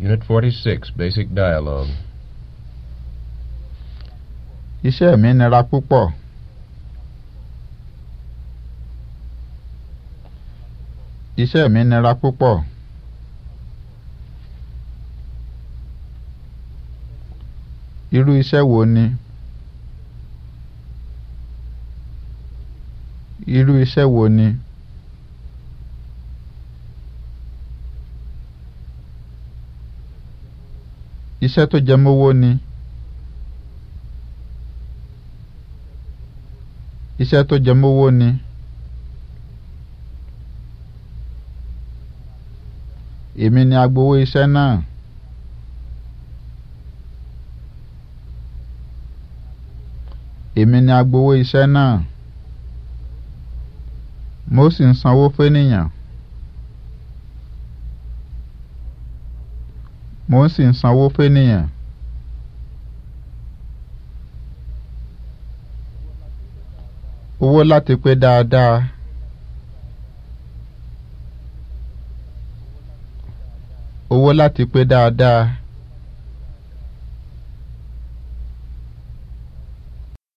Unit 46, Basic Dialogue. Iṣẹ́ mi nira púpọ̀. Iṣẹ́ mi nira púpọ̀. Irú iṣẹ́ wo ni? Irú iṣẹ́ wo ni? iṣẹ́ tó jẹ mọ́wọ́ ni iṣẹ́ tó jẹ mọ́wọ́ ni èmi ni agbowó iṣẹ́ náà èmi ni agbowó iṣẹ́ náà mo sì ń sanwó fẹ́nìyàn. mò ń sì ń sanwó fẹ́nìyàn. owó láti pé dáadáa. owó láti pé dáadáa.